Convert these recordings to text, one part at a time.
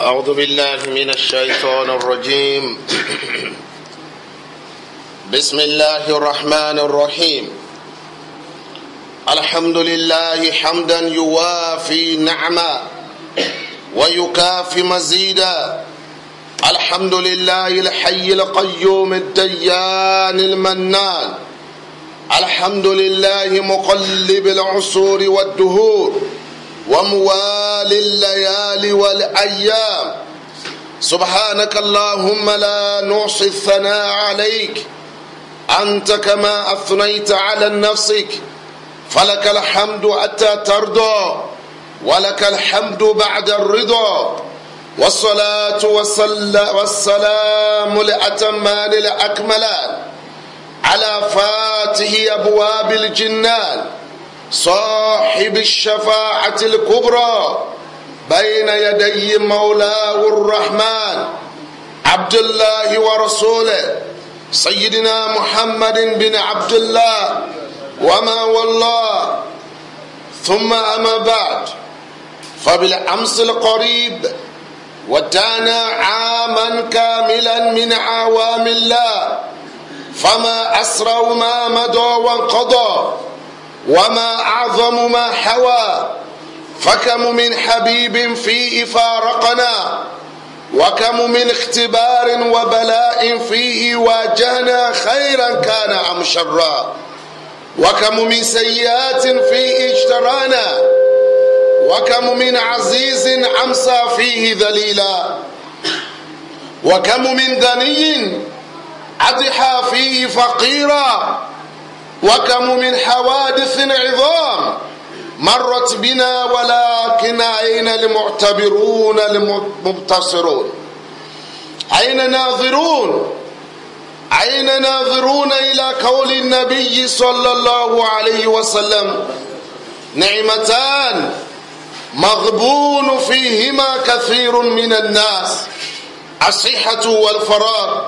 أعوذ بالله من الشيطان الرجيم بسم الله الرحمن الرحيم الحمد لله حمدا يوافي نعما ويكافي مزيدا الحمد لله الحي القيوم الديان المنان الحمد لله مقلب العصور والدهور وموالي الليالي والأيام سبحانك اللهم لا نحصي الثناء عليك أنت كما أثنيت على نفسك فلك الحمد حتى ترضى ولك الحمد بعد الرضا والصلاة والسلام الأتمان الأكملان على فاته أبواب الجنان صاحب الشفاعة الكبرى بين يدي مولاه الرحمن عبد الله ورسوله سيدنا محمد بن عبد الله وما والله ثم أما بعد فبالأمس القريب ودانا عاما كاملا من عوام الله فما أسروا ما مضى وانقضى وما أعظم ما حوى فكم من حبيب فيه فارقنا وكم من اختبار وبلاء فيه واجهنا خيرا كان أم شرا وكم من سيئات فيه اجترانا وكم من عزيز أمسى فيه ذليلا وكم من غني أضحى فيه فقيرا وكم من حوادث عظام مرت بنا ولكن أين المعتبرون المبتصرون أين ناظرون أين ناظرون إلى قول النبي صلى الله عليه وسلم نعمتان مغبون فيهما كثير من الناس الصحة والفراغ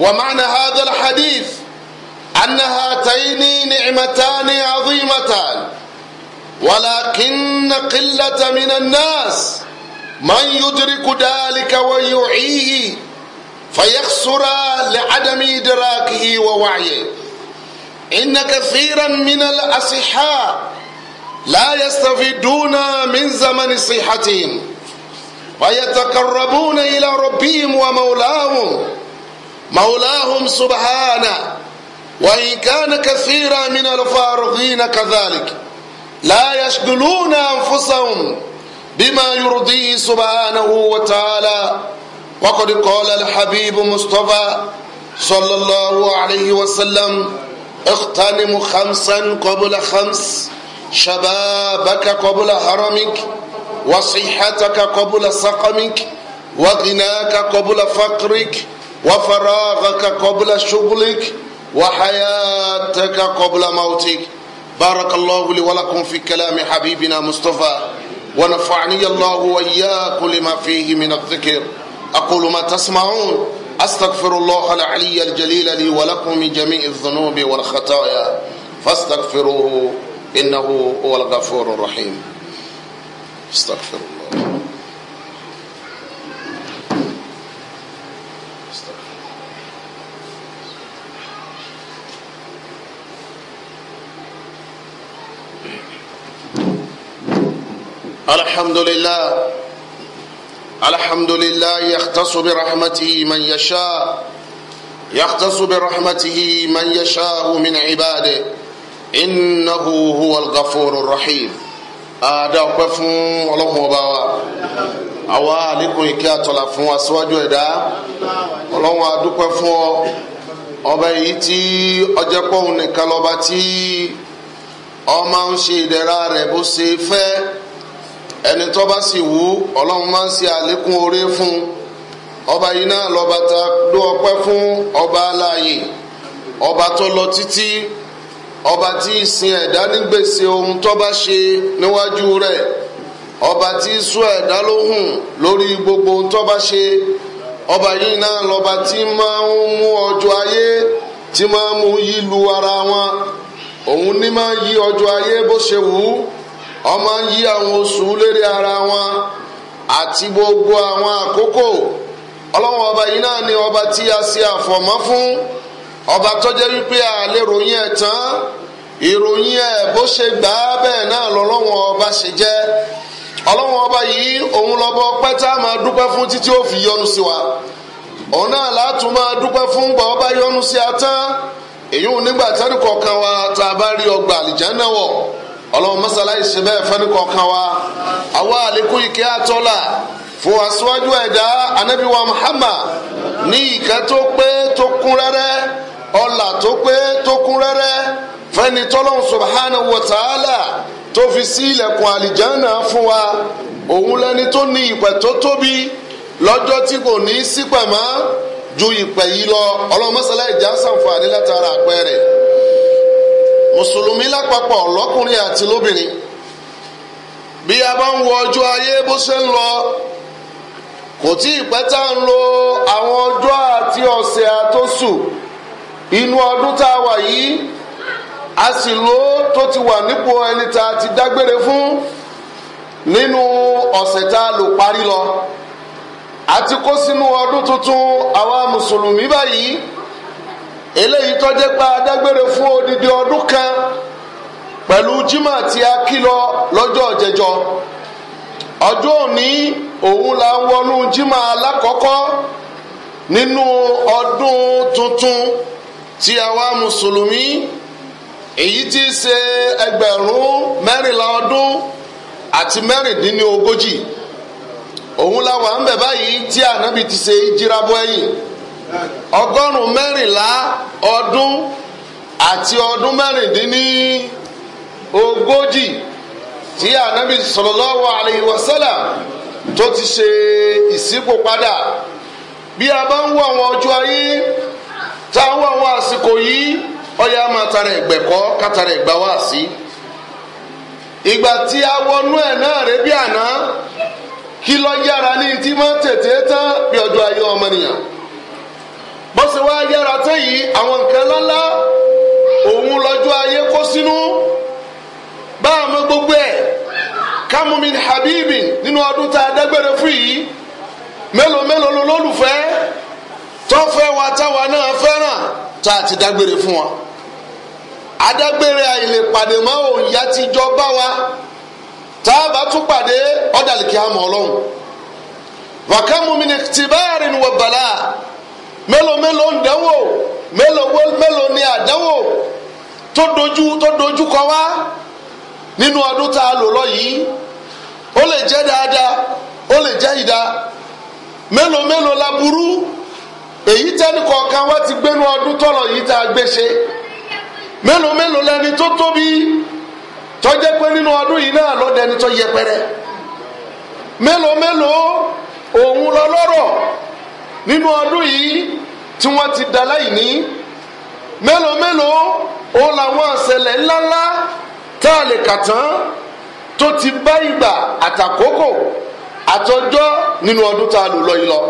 ومعنى هذا الحديث أن هاتين نعمتان عظيمتان ولكن قلة من الناس من يدرك ذلك ويعيه فيخسر لعدم إدراكه ووعيه إن كثيرا من الأصحاء لا يستفيدون من زمن صحتهم ويتقربون إلى ربهم ومولاهم مولاهم سبحانه وإن كان كثيرا من الفارغين كذلك لا يشغلون أنفسهم بما يرضيه سبحانه وتعالى وقد قال الحبيب مصطفى صلى الله عليه وسلم اغتنم خمسا قبل خمس شبابك قبل هرمك وصحتك قبل سقمك وغناك قبل فقرك وفراغك قبل شغلك وحياتك قبل موتك بارك الله لي ولكم في كلام حبيبنا مصطفى ونفعني الله وإياك لما فيه من الذكر أقول ما تسمعون أستغفر الله العلي الجليل لي ولكم من جميع الذنوب والخطايا فاستغفروه إنه هو الغفور الرحيم استغفر الله الحمد لله الحمد لله يختص برحمته من يشاء يختص برحمته من يشاء من عباده إنه هو الغفور الرحيم ada ọpẹ́ fún Ọlọ́run ọba wa àwa àlékún ìkẹ́ àtọlà fún aṣíwájú ẹ̀dá Ọlọ́run adúpẹ́ fún ọ ọba èyí tí ọjẹ pọhùn nìkan lọba tí ọmọ ń ṣe ìdẹ̀ra rẹ̀ bó ṣe fẹ́ ẹni tó bá sì wù ọlọ́run máa ń ṣe àlékún oore fún ọba yìí náà lọ́ba ta ló ọpẹ́ fún ọba aláàyè ọba tó lọ títí ọba tí ìsìn ẹ̀dá nígbèsè ohun tó bá ṣe níwájú rẹ̀ ọba tí sọ ẹ̀dá lóhùn lórí gbogbo ohun tó bá ṣe ọba yìí náà lọ́ba tí máa ń mú ọjọ́ ayé tí máa ń mú yí lu ara wọn òun ní máa yí ọjọ́ ayé bó ṣe wù ú. ó máa ń yí àwọn oṣù lérí ara wọn àti gbogbo àwọn àkókò ọlọ́wọ́n ọba yìí náà ni ọba tí a ṣe àfọ̀mọ́ fún ọba tó jẹ́ wípé a lè ròyìn ẹ̀ tán ìròyìn ẹ̀ bó ṣe gbà á bẹ́ẹ̀ náà lọ́lọ́wọ́n ọba ṣe jẹ́ ọlọ́wọ́n ọba yìí òun lọ́bọ pẹ́tà máa dúpẹ́ fún títí ó fi yọnu sí wa òun náà látún máa dúpẹ́ fún gbà ọba yọ́nú sí ata. èyí ò nígbà tẹ́lifọ̀ kan wa tá a bá rí ọgbà àlìjáná wọ̀ ọlọ́run mọ́sálá ìṣe bẹ́ẹ̀ fẹ́ni kọ̀ọ̀kan wa àwa àlékún ìkẹ́ àtọ́là fún aṣíwájú ẹ̀dá anábì Muhammad ní ìkẹ́ tó pé tó kún rẹ́rẹ́ ọlà tó pé tó kún rẹ́rẹ́ fẹ́ni tó fi sí ilẹ̀kùn àlìjánà fún wa òun lẹni tó ní ìpẹ̀ tó tóbi lọ́jọ́ tí kò ní ju yìí lọ ìjà sàǹfààní látara àpẹẹrẹ mùsùlùmí lápapọ̀ lọ́kùnrin àti lóbìnrin bí a bá ń wo ọjọ́ ayé bó ṣe ń lọ kò tí ì pẹ́ tá ń lo àwọn ọjọ́ àti ọ̀sẹ̀ àtọ́sù inú ọdún tá a wà yìí a sì lò tó ti wà nípò ẹni tá a ti dágbére fún nínú ọ̀sẹ̀ tá a lò parí lọ àti kó sínú ọdún tuntun àwa mùsùlùmí báyìí eléyìí tó pa pé adágbére fún odidi ọdún kan pẹ̀lú jimá tí a kí lọ́jọ́ jẹjọ ọjọ́ òní òun la ń wọnú jimá alákọ̀ọ́kọ́ nínú ọdún tuntun tí àwa mùsùlùmí èyí tí í ṣe ẹgbẹ̀rún mẹ́rìnlá ọdún àti mẹ́rìndínlógójì òun la wà ń bẹ̀ báyìí tí ànábì ti ṣe jíra bọ́ ẹ̀yìn. ọgọ́rùn-ún mẹ́rìnlá ọdún àti ọdún mẹ́rìndínní ogójì tí ànábì sallallahu alayhi wa sallam tó ti ṣe ìsìnkú padà bí a bá ń wọ àwọn ọjọ́ ayé tá a ń wọ àwọn àsìkò yìí ọyà máa tara ẹgbẹ̀kọ́ kátara ẹgbà wá sí ìgbà tí a wọnú ẹ̀ náà rẹ bí àná kí lọ yára ní tí máa tètè tán bí ọjọ́ ayé ọmọnìyàn bó ṣe wá yára tán yìí àwọn nǹkan ńláńlá òun lọ́jọ́ ayé kó sínú bá a mọ gbogbo ẹ̀ kámumin habibi nínú ọdún tá a dágbére fún yìí mélòó mélòó lólùfẹ́ tọ́fẹ́ wa táwa náà fẹ́ràn tá a ti dágbére fún wa adágbére àìlèpàdé mọ́ òòyà ti jọ bá wa tá a bá tún pàdé ọ̀dàlìkí àmọ́ ọlọ́run wàkàmùmí ni tìbáàrin wọ̀ bàlá mélòó mélòó ń dánwò mélòó mélòó ni àdánwò tó dojú tó dojú kọ wá nínú ọdún tá a lò lọ yìí ó lè jẹ́ dáadáa ó lè jẹ́ ìdá mélòó mélòó la burú èyí tẹ́ni kọ̀ọ̀kan wá ti gbénu ọdún tọ̀lọ̀ yìí tá a gbé ṣe mélòó mélòó lẹni tó tóbi tó pé nínú ọdún yìí náà ló dẹni yẹpẹrẹ mélòó mélòó òun lọ lọ́rọ̀ nínú ọdún yìí tí wọ́n ti da láìní mélòó mélòó ó làwọn àṣẹlẹ̀ ńláńlá tá a lè kà tán tó ti bá ìgbà àtàkókò àtọjọ́ nínú ọdún tá a lò lọ yìí lọ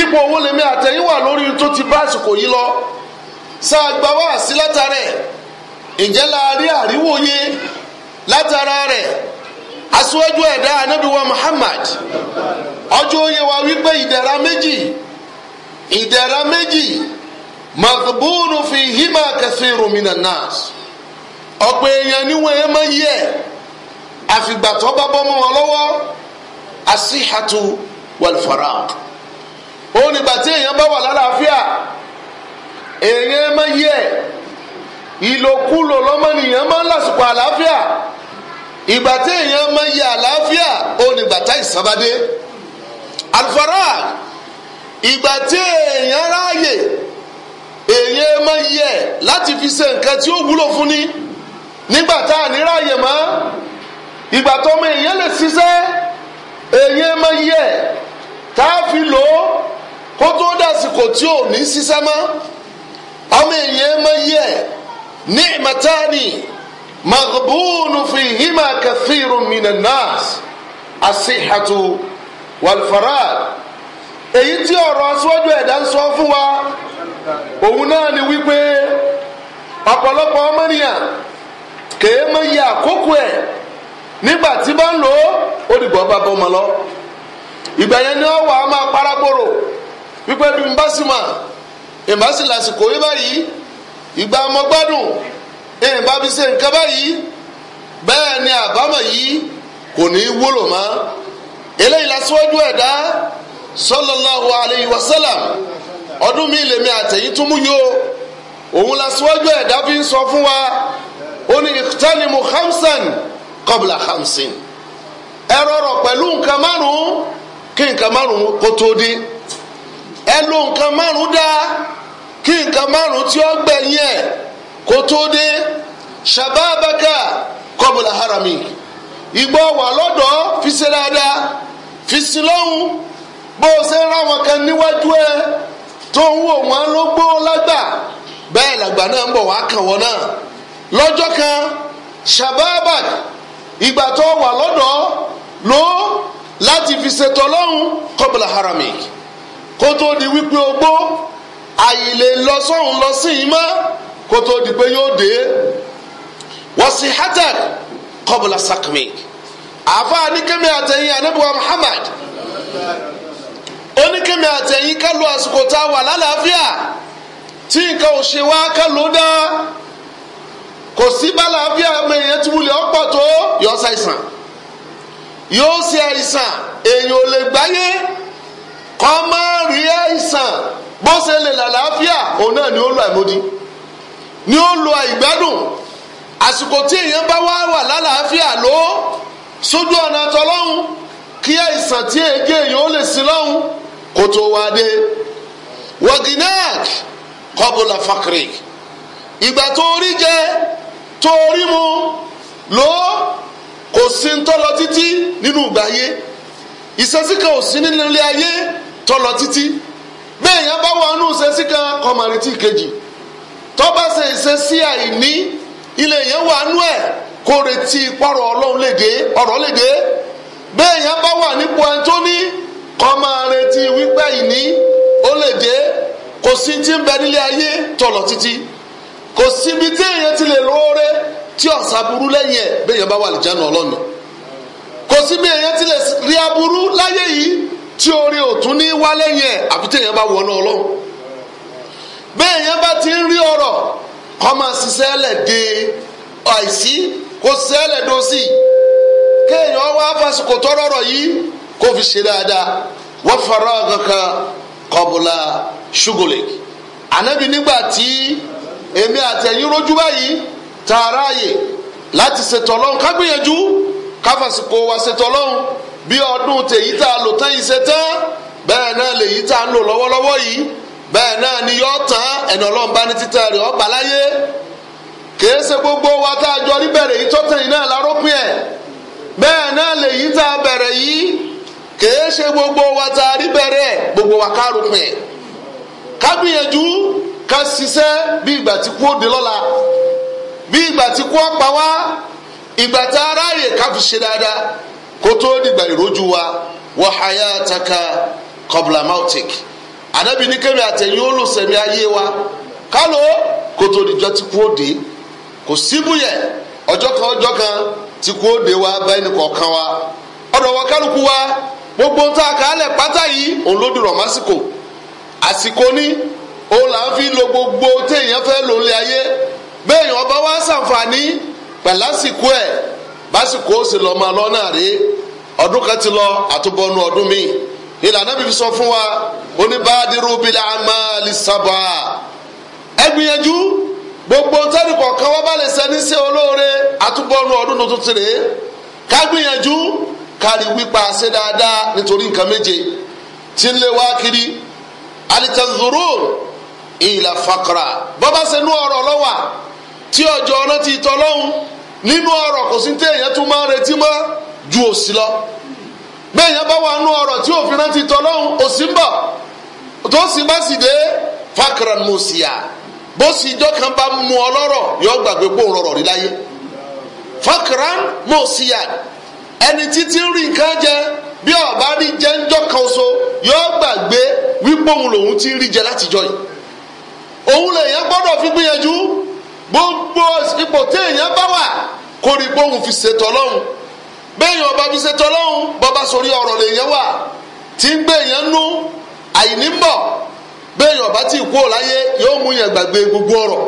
ipò owó lèmi àtẹ̀yìn wà lórí tó ti bá àsìkò yìí lọ sáà sí látara ẹ̀ ǹjẹ́ la rí àríwòye látara rẹ̀ aṣíwájú ẹ̀dá anábìwá Muhammad ọjọ́ onye wa wípé ìdẹ̀ra méjì ìdẹ̀ra fi hima kẹsìrò mìnà nas ọ̀pọ̀ èèyàn níwọ̀n ẹ̀ ma yẹ àfìgbà bá bọ́ mọ́ wọn lọ́wọ́ asíhàtú wàlfàrà ó èèyàn bá wà lálàáfíà èèyàn yẹ ìlòkulò ìgbà tí èèyàn máa yẹ àlàáfíà onígbàtà ìsàbàdé alufara ìgbà tí èèyàn ráàyè èèyàn máa yẹ láti fi ṣe nǹkan tí ó wúlò fún ni nígbà tá a ní ráàyè mọ́ ìgbà tó ọmọ èèyàn lè ṣiṣẹ́ èèyàn máa yẹ tá a fi lò ó kó tó dàsìkò tí ò ní ṣiṣẹ́ mọ́ ọmọ èèyàn máa yẹ ní ìmọ̀tá ni. مغبون Fihima كثير من الناس الصحة والفراغ èyí tí ọrọ aṣíwájú ẹ̀dá ń sọ fún wa òun náà ni wípé ọpọlọpọ ọmọnìyàn kèé mọ iye àkókò ẹ nígbà tí bá ń lò ó ó bá ọmọ lọ ìgbà yẹn ni ọwọ a máa parágbòrò wípé bí n bá sì ẹ̀yìn bá fi ṣe nǹkan báyìí bẹ́ẹ̀ ni àbámọ̀ yìí kò ní í wúlò mọ́ eléyìí lásìwájú ẹ̀dá sallallahu alayhi wa sallam ọdún mi lèmi àtẹ̀yìn tún mú yó òun lásìwájú ẹ̀dá fi ń sọ fún wa ó ní iqtanimu khamsan qabla khamsin ẹ rọrọ pẹ̀lú nǹkan márùn-ún kí nǹkan márùn-ún kó tó dé ẹ lo nǹkan márùn-ún dá kí nǹkan márùn-ún tí ó gbẹ̀yìn ẹ̀ kó dé shababaka kọbùlà harami ìgbọ́ wà lọ́dọ̀ fi ṣe dáadáa fi sí lọ́hùn bó o ṣe ń ra wọn kan níwájú ẹ tó ń wò wọn ló gbó lágbà bẹ́ẹ̀ làgbà náà ń bọ̀ wá kàn wọ́n náà lọ́jọ́ kan shababak ìgbà tó wà lọ́dọ̀ ló láti fi ṣètò lọ́hùn kọbùlà harami kó tó di wípé ogbó àyè lè lọ sọ́hùn lọ sí ìmọ̀. kó tó di pé yóò dé wọ́sí hatak kọ́bùlà sakmi àfa anikemi àtẹ̀yìn anabiwa Muhammad oníkemi àtẹ̀yìn ká lo àsìkò tá a wà lálàáfíà tí nǹkan ò ṣe wá ká ló dá kò sí bálàáfíà ọmọ èèyàn tí wulẹ̀ ọ̀pọ̀ tó yọ ṣàìsàn yóò ṣe àìsàn èèyàn ò lè gbáyé kọ́ máa rí àìsàn bó ṣe lè lálàáfíà òun náà ni ó lọ àìmọ́dí. ni ó lo àìgbádùn àsìkò tí èèyàn bá wá wà lálàáfíà ló sójú ọ̀nà tọlọ́hún kí àìsàn tí èké èèyàn ó lè sin lọ́hún kó tó wá dé waginak kọbùlà fakiri ìgbà tó rí jẹ tó rí mu ló kò sí ńtọ́lọ títí nínú ìgbà ayé ìṣesí ò sí nínú ayé tọ́lọ títí bẹ́ẹ̀ yẹn bá kejì tọ́ba ṣe ṣe sí àìní ilé yẹn wà nú ẹ̀ kó retí pọ̀rọ̀ ọlọ́run lè dé ọ̀rọ̀ lè dé bẹ́ẹ̀ yẹn bá wà nípò ẹni tó ní kọ́ máa retí wípé àìní ó lè dé kò sí ti ń bẹ nílé ayé tọ̀lọ̀ títí kò síbi tí èèyàn ti lè lóore tí ọ̀sà burú lẹ́yìn ẹ̀ bẹ́ẹ̀ yẹn bá wà lìjánu ọlọ́nu kò síbi èèyàn ti lè rí aburú láyé yìí tí orí òtún ní wá lẹ́yìn ẹ̀ àfi tí èèyàn bá wọnú ọlọ́run bẹ́ẹ̀ yẹn bá ti ń rí ọ̀rọ̀ kọ́mọ ṣiṣẹ́ lẹ̀ de àìsí kó ṣiṣẹ́ dó sí kéèyàn wá fásikò tọ́rọ̀ yìí kó fi ṣe dáadáa wọ́n fara kankan kọ́bùlà ṣúgòlè ànábì nígbà tí èmi àti ẹ̀yin rojú báyìí tààrà ààyè láti ṣètò ọlọ́run ká gbìyànjú ká fásikò wa ṣètò ọlọ́run bí ọdún tèyí tá a lò tán yìí ṣe tán bẹ́ẹ̀ náà lèyí tá a ń bẹ́ẹ̀ náà ni yọ tán ẹni ọlọ́run bá ní títà rẹ̀ ọgbà láyé kìí ṣe gbogbo wa tá a jọ rí bẹ̀rẹ̀ yìí tó tẹ̀yìn náà lárópin ẹ̀ bẹ́ẹ̀ náà lè yí tá a bẹ̀rẹ̀ yìí kìí ṣe gbogbo wa tá a rí bẹ̀rẹ̀ gbogbo wa kárópin ẹ̀ ká gbìyànjú ká ṣiṣẹ́ bí ìgbà tí kú òde lọ́la bí ìgbà tí kú ọ̀pá wá ìgbà tá a ráàyè ká fi ṣe dáadáa kó tó dìgbà ìrójú wa wọ hayataka kọbla mautik anabi ní kémi àtẹ̀yìn ó lò ayé wa kálò kótó níjọ́ ti kú òde kò síbúyẹ̀ ọjọ kan ọjọ kan ti kú òde wa bá ẹnì wa wa gbogbo tá a pátá yìí òun ló dùn àsìkò ní òun là ń fi lo gbogbo téèyàn fẹ́ lò lé ayé ọba wa ẹ̀ básìkò ó sì lọ́ọ́ máa náà rí ìlànà bíbí sọ fún wa oníbàádìrú bílẹ̀ amáàlì sábà ẹ gbìyànjú gbogbo tẹ́lẹ̀ kọ̀ọ̀kan wọ́n bá lè sẹ́ni sí olóore àtúbọ̀nù ọdún tuntun ti rè é ká gbìyànjú kárí wípa ṣe dáadáa nítorí nǹkan méje tí ń lé wá kiri alitazuru ìlà fakara bọ́bá ṣe nú ọ̀rọ̀ tí ọjọ́ ọ̀nà ti nínú ọ̀rọ̀ kò sí téèyàn tún máa retí mọ́ ju òsì lọ. bẹ́ẹ̀ yẹn bá wà ọ̀rọ̀ tí òfin rántí tọ́lọ́hún òsínbà tó sì bá sì dé fakran musia bó sì jọ́ kan bá mu ọlọ́rọ̀ yọ gbàgbé gbóhùn rọrọ̀ rí láyé fakran musia ẹni títí ń rí nǹkan jẹ bí ọba rí jẹ ń jọ́ kan so gbàgbé lòun ti rí jẹ látijọ́ yìí òun lè bẹ́ẹ̀ni ọba fi ṣe tọ́lọ́hún bọ́ba sórí ọ̀rọ̀ lèèyàn wà tí ń gbé èèyàn nú àìní mọ̀ bẹ́ẹ̀ni ọba tí kú ọ̀láyé yóò mú yẹn gbàgbé gbogbo ọ̀rọ̀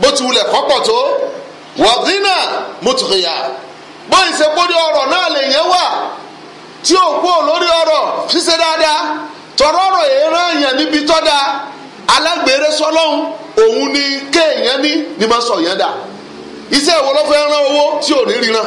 bó ti wulẹ̀ kọ́pọ̀ tó wàdínà mùtùkìyà bóyì ṣe kórí ọ̀rọ̀ náà lèèyàn wà tí ò kú lórí ọ̀rọ̀ ṣíṣe dáadáa tọ̀rọ̀ ọ̀rọ̀ èèrán èèyàn níbi tọ́da alágbèrè sọlọ́hún òun ni kéèyàn ní ni máa sọ yẹn dà iṣẹ́ ìwọlọ́fẹ́ rán owó tí ò ní ríran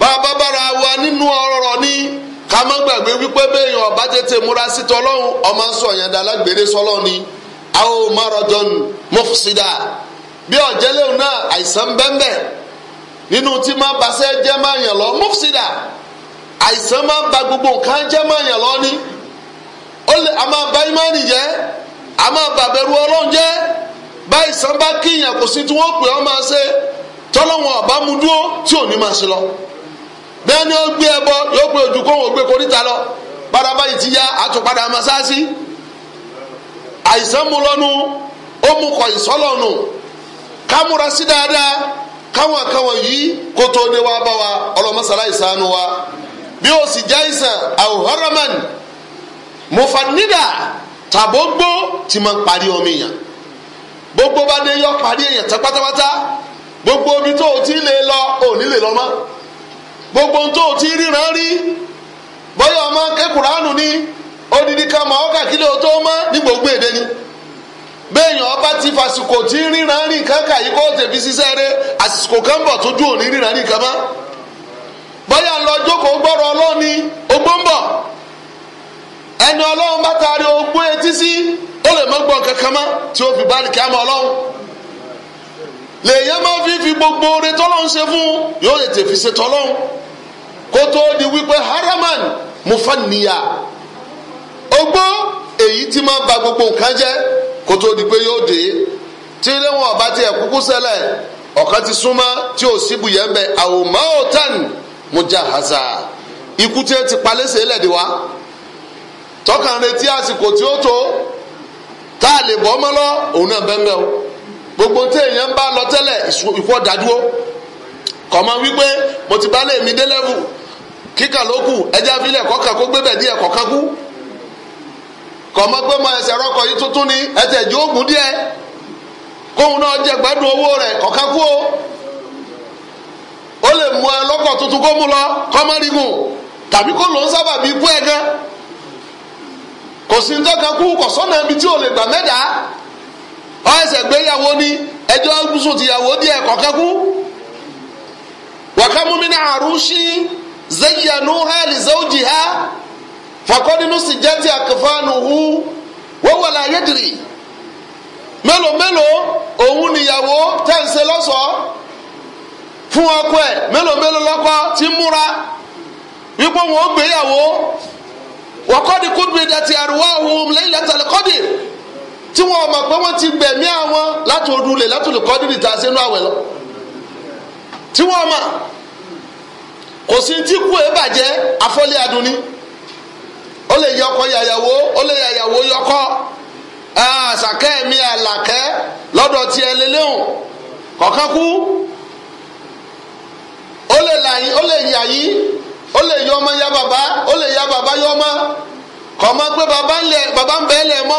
bababara wa nínú ọ̀rọ̀ ní ká má gbàgbé wípé béèyàn ọba tètè múra sí tọlọ́hún ọmọ sọ yẹn ni àwọn marathon mufsida bí ọ̀jẹ̀lẹ́hùn náà àìsàn bẹ́ẹ̀ nínú tí máa basẹ́ jẹ́ máa lọ àìsàn ba gbogbo nǹkan lọ ni ó a ba imáni jẹ́ a ba ọlọrun báyìí kíyàn kò sí tí pè máa ṣe tọ́lọ́wọ́n lọ. bẹ́ẹ̀ ni ó gbé ẹbọ yóò pé ojú kó wọn ò gbé koríta lọ padàbá yìí ti ya àtúpadà masáàsì àìsàn mu lọ́nu ó mú kọ ìsọ́lọ́nu kámúra sí dáadáa káwọn àkàwọn yìí kó tó dé wá bá wa ọlọ́mọsálá ìsànù wa bí ó sì jẹ́ àìsàn àwòhárọ́mọ́n mọ̀fànídà tàbógbó ti máa ń parí omi yàn gbogbo bá dé yọ parí èèyàn tán pátápátá gbogbo omi tó o ti lè lọ ò ní lè lọ mọ́. gbogbo ohun tó o ti ríran ọma bóyá ọmọ kékùránù ni odidi kama ọka ọkà kí ọma tó mọ ní gbogbo èdè ni béèyàn ọba ti fàsìkò tí ríran rí nǹkan kà yí kó o tẹ̀fi ṣiṣẹ́ rẹ àsìkò kan bọ̀ tójú òní ríran rí nǹkan mọ́ bóyá lọ jókòó gbọ́rọ̀ ọlọ́ni ogbó ń bọ̀ ẹni ọlọ́run bá taari ogbó etí ó lè mọ́ gbọ́n kankan mọ́ tí ó fi bá ní kí á mọ ọlọ́run lèèyàn máa fi fi gbogbo oore tọ́lọ́run ṣe fún yóò lè tẹ̀fi ṣe tọ́lọ́run kó tó di wípé haraman mufanniya ogbó èyí tí máa ba gbogbo nǹkan jẹ́ kó tó di pé yóò dé tí ilé wọn ọba tiẹ̀ kúkú ṣẹlẹ̀ ọ̀kan ti súnmọ́ tí ò síbu yẹn bẹ àwòmọ́ òtán mujahaza ikú tí ẹ ti palẹ́sẹ̀ lẹ́dí wa tọkàn retí àsìkò tí ó tó tá a lè bọ́ mọ́ lọ òun náà bẹ́ẹ̀ o gbogbo tí èèyàn bá lọ tẹ́lẹ̀ ìfọ̀dádúró kọ̀mọ́ wípé mo ti bá lè mi dé lẹ́vù kíkà ló kù ẹjẹ abilẹ kọkàn kó gbé bẹẹ díẹ̀ kọkàn kú kọmọgbé ẹsẹ rọkọ yìí tuntun ni ẹsẹ ìjọ ògùn díẹ̀ kóhun náà jẹ gbádùn owó rẹ kọkàn kú o ó lè mú ẹ lọkọ tuntun kó mú lọ kọmọrìngùn tàbí kó ló ń sábà bí ẹ gan kò sí ntọ́ka kú kò sọ́nà ibi tí o lè gbà mẹ́ta ọ zayyanuha li zawjiha faqad nusijat akfanuhu wa huwa la yadri mélòó mélòó òun níyàwó tẹ̀sẹ̀ lọ́sọ̀ọ́ fún ọkọ ẹ̀ mélòó Melo lọ́kọ ti múra wípé wọn ó gbéyàwó wa qad qubidati arwahum laylatal qadr tí wọn mọ̀ pé wọ́n ti gbẹ̀mí àwọn láti odulè látòlùkọ́dìrì tá a ṣe nú àwẹ̀ lọ tí wọn mọ̀. kò sí tí kú ẹ bàjẹ́ afọ́lé aduni ó lè yọkọ yàyàwó ó lè yàyàwó yọkọ àṣàkẹ́ mi àlàkẹ́ lọ́dọ̀ tiẹ̀ lélẹ́hùn kọ̀ọ̀kan kú ó lè làyín ó lè yàyí ó lè yọ ọmọ ya bàbá ya bàbá yọ ọmọ kọ̀ pé bàbá ń bẹ́ẹ̀ lẹ̀ mọ́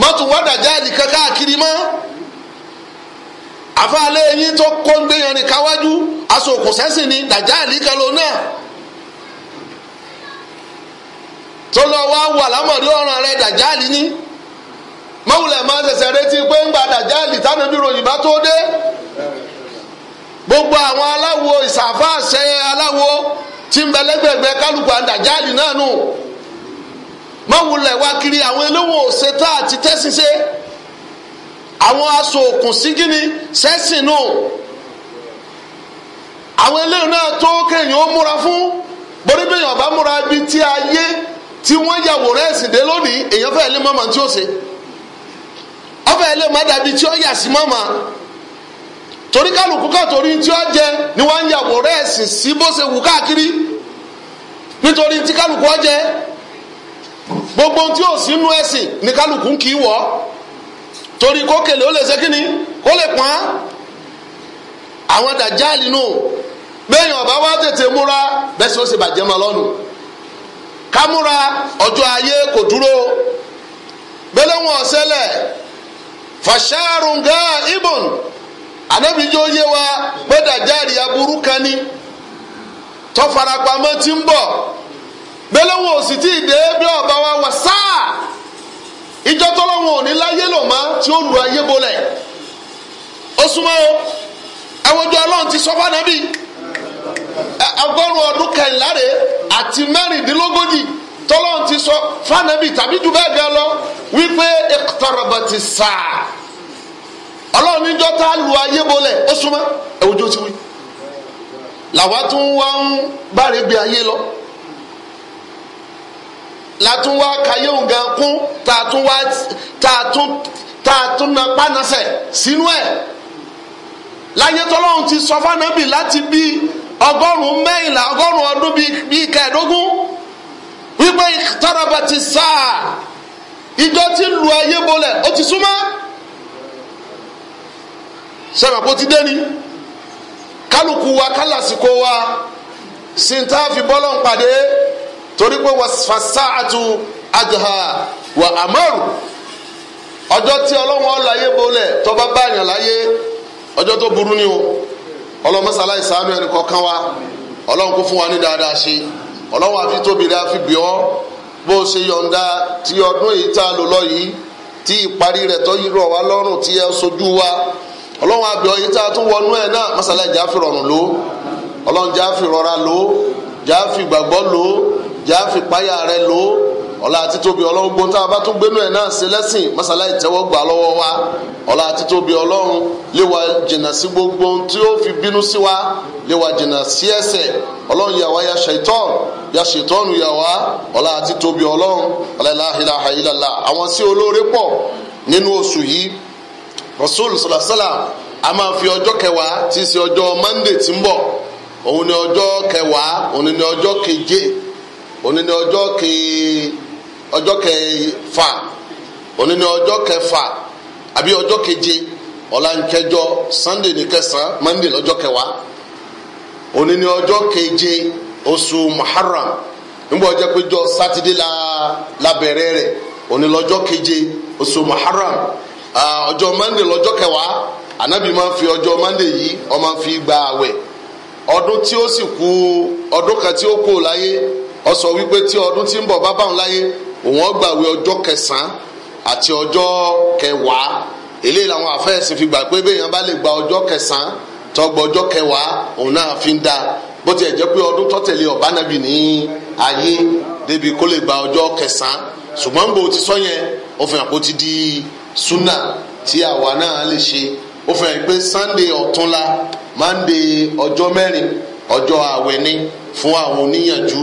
mọ́tò wọ́dà jáde kankan àkiri mọ́ àfàlẹ́ tó kó ń gbéyan ní káwájú ni dàjáàlì kalo náà tó lọ wá wà lámọ̀rí ọ̀ràn rẹ dàjáàlì ni mọ́wùlẹ̀ máa ń retí pé ń gba dàjáàlì tánàbí ròyìn bá tó gbogbo àwọn aláwo ìsàfáàṣẹ aláwo tí ń bẹ kálukú náà nù. mọ̀wulẹ̀ wá kiri àwọn eléwò ṣetá àti tẹ́sínṣe àwọn aṣọ òkùn sí kíni sẹ́sìn nù àwọn eléyìí náà tó kéèyàn ó múra fún borí bẹ́ẹ̀ yàn bá múra bí tí a yé tí wọ́n yàwòrán ẹ̀sìn dé lónìí èèyàn fẹ́ẹ́ lé mọ́mọ́ tí ó ṣe ọfẹ́ ẹ̀ lè má dàbí tí ó yà sí mọ́mọ́ torí kálukú ká torí tí ó jẹ ni wọ́n ń yàwòrán ẹ̀sìn sí bó ṣe wù káàkiri nítorí tí kálukú ó jẹ gbogbo tí ò sínú ẹ̀sìn ní kálukú kì í wọ̀ torí kókèlè ó lè ṣe kíni kó lè àwọn dàjáàlì nù ọ̀bá tètè múra bẹ́ẹ̀ sì ó sì bàjẹ́ mọ́ lọ́nu ọjọ́ ayé kò dúró gbẹlẹ́wọ̀n ọ̀sẹ́lẹ̀ fàṣàrùngá wa gbẹ́dàjáàlì aburú kan ní tọ́farapamọ́ ti ń belewo ositi ide ebe ọbawa wasaa wa wà sáà ìjọ tí ó o ti sọ fánàbí ọgọ́rùn-ún ọdún kẹrìnlá rè àti mẹ́rìndínlógójì tọ́lọ́run ti sọ fánàbí tàbí jù bẹ́ẹ̀ bẹ́ẹ̀ lọ wípé iqtarabati sáà ọlọ́run níjọ́ tá a lu ayé ó ti wí làwa tún wá ń bá látún wá kayé nǹkan kún tá a tún wá tá a tún na pánasẹ̀ sínú ẹ̀ láyé tọ́lọ́run ti sọ fánábì láti bí ọgọ́rùn-ún mẹ́yìnlá ọgọ́rùn-ún ọdún bíi kẹẹ̀ẹ́dógún wípé tọ́rọ̀bà ti sáà ìjọ tí lu ayé bolẹ̀ ó ti súnmọ́ sẹ́wọ̀n ti dé ni kálukú wa kálásìkò wa sí ní bọ́lọ̀ ń pàdé. torí pé fasáàtú adha wà amaru ọjọ́ tí ọlọ́wọ́n láyé bolẹ̀ tọ́ba báyàn láyé ọjọ́ tó burú ni o ọlọ́mọsálá ìsàánú ẹnì kọ̀ọ̀kan wa ọlọ́run kó fún wa ní dáadáa ṣe ọlọ́wọ́n àfi tóbi rẹ̀ àfi bíọ́ bó ṣe yọ̀ǹda ti ọdún èyí tá a lò lọ yìí tí ìparí rẹ̀ tó rọ̀ wá lọ́rùn tí ẹ sojú wa yìí tá a tún wọnú ẹ̀ náà mọ́sálá ìjà yà á fi páyà rẹ lò ó ọlá títóbi ọlọ́run gbọ́n tá a bá tún gbénu ẹ̀ náà ṣe lẹ́sìn masala ìtẹ́wọ́ gbà lọ́wọ́ wa ọlá títóbi ọlọ́run lè wa jìnnà sí gbogbo ohun tí ó fi bínú sí wa lè wa jìnnà sí ẹ̀ṣẹ̀ ọlọ́run yà wá ya ṣètọ́n ya ṣètọ́n yà ọlá títóbi ọlọ́run la ilaha àwọn sí olóore pọ̀ nínú oṣù yìí rasul salasala a máa fi ọjọ́ kẹwàá tí í ṣe ọjọ́ monday tí ń bọ̀ òun ni ọjọ́ kẹwàá òun ni ọjọ́ keje òní ni ọjọ́ ke ọjọ́ kẹfà òní ni ọjọ́ kẹfà àbí ọjọ́ keje ọ̀la nkẹjọ ni ní kẹsàn án monday lọ́jọ́ kẹwàá òní ni ọjọ́ keje oṣù muharram nígbà ọjọ́ péjọ sátidé la labẹ̀rẹ̀ rẹ̀ òní lọ́jọ́ keje oṣù muharram ọjọ́ monday lọ́jọ́ kẹwàá anabi máa fi ọjọ́ monday yìí ó máa fi gba àwẹ̀ ọdún tí ó sì ọdún ó sọ wípé tí ọdún tí ń bọ̀ bá bá òun láyé òun ọgbàwé ọjọ́ kẹsàn-án àti ọjọ́ kẹwàá eléyìí làwọn àfẹ́sìn fi gbà pé béèyàn bá lè gba ọjọ́ kẹsàn-án tọgbọ ọjọ́ kẹwàá òun náà fi ń da bó ti ẹ̀ jẹ́ pé ọdún tọ́tẹ̀lé ọ̀bánabi ní ayé débi kó lè gba ọjọ́ kẹsàn-án ṣùgbọ́n gbòó ti sọ yẹn ó fi hàn kó ti di súnà tí àwa náà lè ṣe ó fi hàn pé Sunday ọ̀túnla Monday ọjọ́ mẹ́rin ọjọ́ àwẹ̀ ni fún àwọn oníyànjú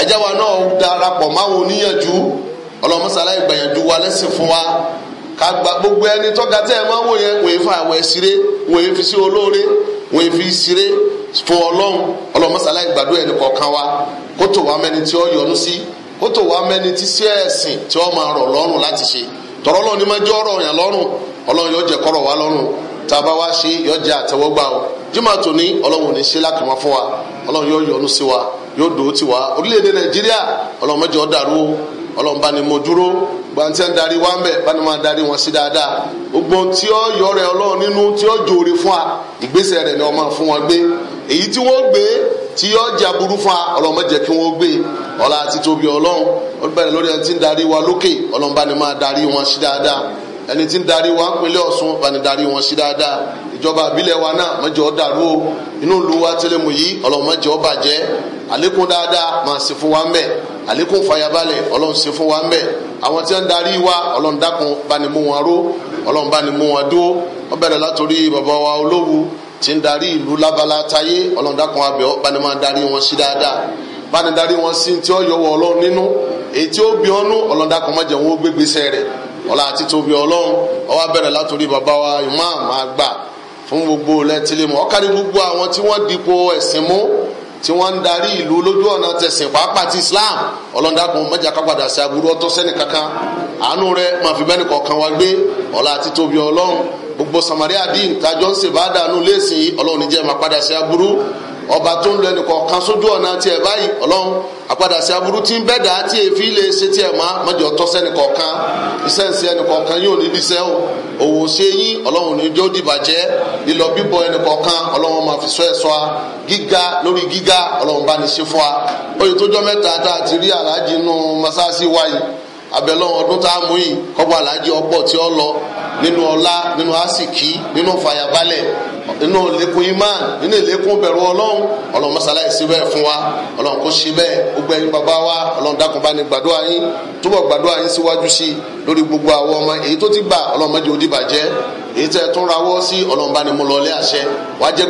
ẹjẹ́ wa náà darapọ̀ máwọn oníyànjú ọlọ́mọsálá ìgbàyànjú wa lẹ́sìn fún wa ká gba gbogbo ẹni tọ́ga tẹ́ ẹ máa ń wò yẹn wòye fún àwẹ̀ síre wòye fi sí olóore wòye fi síre fún ọlọ́run ọlọ́mọsálá ìgbàdúrà ẹni kọ̀ọ̀kan wa kó tó wá mẹ́ni tí ó yọ́nú sí kó tó wá mẹ́ni tí sí ẹ̀sìn tí ó máa rọ̀ lọ́rùn láti ṣe tọ̀rọ̀ lọ́run máa jẹ́ ọ̀rọ̀ yàn lọ́rùn ọlọ́run yóò jẹ́ kọ́rọ̀ wá lọ́rùn tàbá wá ṣe yóò jẹ́ àtẹ́wọ́gbà o jimá tòní ọlọ́run ò ní ṣe lákàmá yóò dòó tì wá orílẹ̀-èdè nàìjíríà ọlọ́run mẹ́jọ dàrú o ọlọ́run bá ní mo dúró gbàǹtẹ́ ń darí wá ń bẹ̀ bá ní máa darí wọn sí dáadáa gbogbo tí ó yọ rẹ ọlọ́run nínú tí ó jòrè fún wa ìgbésẹ̀ rẹ̀ ni ọmọ fún wọn gbé èyí tí wọ́n gbé tí ó jaburú fún wa ọlọ́run má jẹ́ kí wọ́n gbé ọlá àti tóbi ọlọ́run ó lórí ẹni tí ń darí wa lókè ọlọ́run bá ní darí wọn sí dáadáa ẹni tí ń darí wa pínlẹ̀ Ọ̀ṣun bá darí wọn sí dáadáa ìjọba àbílẹ̀ wa náà má dàrú o inú ìlú wa tẹ́lẹ̀ mú yìí ọlọ́run má jẹ́ àlékún dáadáa máa ṣe fún wa ń bẹ̀ àlékún fàyàbalẹ̀ ọlọ́run ṣe fún wa ń bẹ̀ àwọn tí wọ́n ń darí wa ọlọ́run dákun bá ní mú wọn ró ọlọ́run bá ní mú wọn dúró wọ́n bẹ̀rẹ̀ látòrí bàbá wa olówù tí ń darí ìlú lábala táyé ọlọ́run dákun abẹ́ bá ní máa darí wọn sí dáadáa bá darí wọn sí tí ó yọwọ́ ọlọ́run nínú èyí tí ó bí ọ́nú ọlọ́run dákun má jẹ́ wọn ó gbégbèsè rẹ̀ ọlá àti tóbi ọlọ́run ó wá bẹ̀rẹ̀ látòrí bàbá wa ìmáàmù àgbà fún gbogbo lẹ́tìlémù ó gbogbo àwọn tí wọ́n dipò ẹ̀sìn mú tí wọ́n ń darí ìlú lójú ọ̀nà tẹ̀sìn pàápàá ti Islam ọlọ́dàkùn mẹ́jà kápadà sí aburú ọtọ́ sẹ́ni kankan àánú rẹ máa fi bẹ́ẹ̀ nìkan kan wá gbé ọ̀la àti tóbi ọlọ́run gbogbo samaria dín tájọ́ ń ṣèbádàánú léèsì ọlọ́run níjẹ́ máa padà sí aburú ọba tó ń lo ẹnì kọ̀ọ̀kan sójú ọ̀nà tiẹ̀ báyìí ọlọ́run àpadà sí aburú tí ń bẹ́ dàá tí èéfì lè ṣe tiẹ̀ má mọ́jọ tọ́ sẹ́nì kọ̀ọ̀kan iṣẹ́ ń ṣe ẹnì kọ̀ọ̀kan yóò ní díṣẹ́ o òwò ṣe yín ọlọ́run ní jó dìbàjẹ́ lílọ bíbọ ẹnì kọ̀ọ̀kan ọlọ́run máa fi sọ ẹ̀ sọ a gíga lórí gíga ọlọ́run bá ní ṣe fún wa oye tó jọ mẹ́ta tá a ti rí aláàjì inú masáàsì wáyìí abẹ́lọ́run ọdún tá a mú yìí kọ́gbọ́ aláàjì ọgbọ́ tí ó lọ nínú ọlá nínú àsìkí nínú fàyàbalẹ̀ nínú lẹ́kùn imán nínú lẹ́kùn bẹ̀rù ọlọ́run ọlọ́run mọ́sálá yìí síbẹ̀ fún wa ọlọ́run kò ṣe bẹ́ẹ̀ gbogbo ẹ̀yin bàbá wa ọlọ́run dákun bá ní gbàdúrà yín túbọ̀ gbàdúrà yín síwájú sí lórí gbogbo àwọn ọmọ èyí tó ti gbà ọlọ́run mọ́jọ́ òdìbàjẹ́ èyí tẹ́ tún rawọ́ sí ọlọ́run bá ní mo lọ ilé àṣẹ wàá jẹ́